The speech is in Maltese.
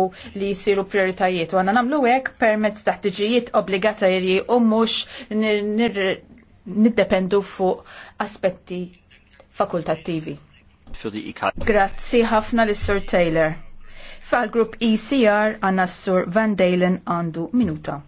u li jisiru prioritajiet. U għanna namlu hekk permezz taħtiġijiet obbligatorji u mhux niddependu fuq aspetti fakultattivi. Grazzi ħafna lis sur Taylor. Fal grupp ECR għanna s-sur Van Dalen għandu minuta.